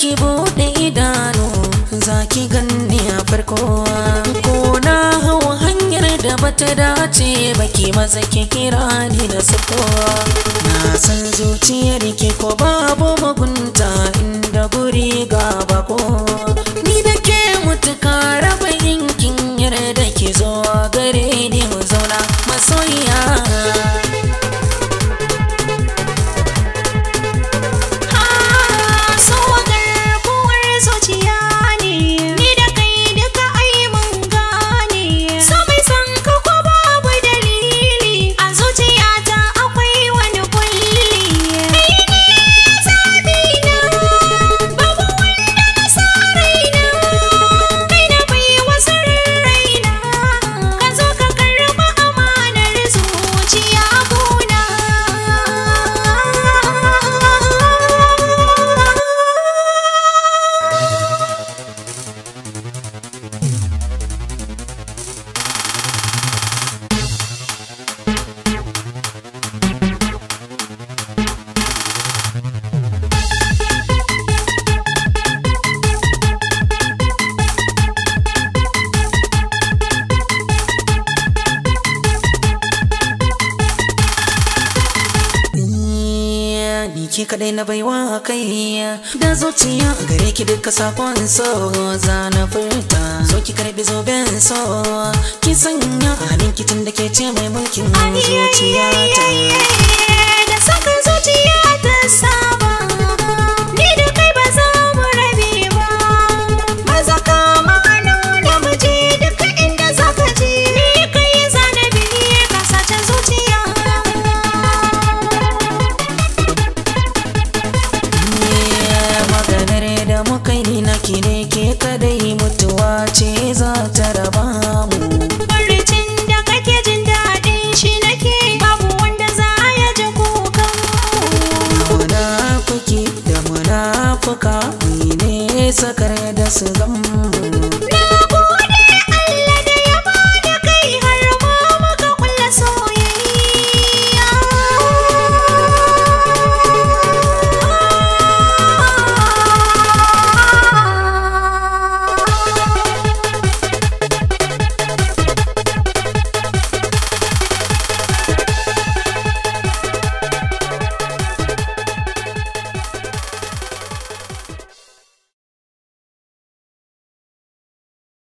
ki bude idanu zaki ganni a farko ko na hawa hanyar da bata dace ba ki maza ki kira ni da sako na san zuciyar ki ko babu mu ki kadai na baiwa kai da zuciya gare ki duka sakon so za na furta zo ki karbi zoben so ki sanya ki tun da ke ce mai mulkin zuciya ta ki ne ke kadai mutuwa ce za ta raba mu Barcin da kake jin daɗin shi nake babu wanda za ya ji kukan mu Munafiki da munafuka ni ne sakar da su gamba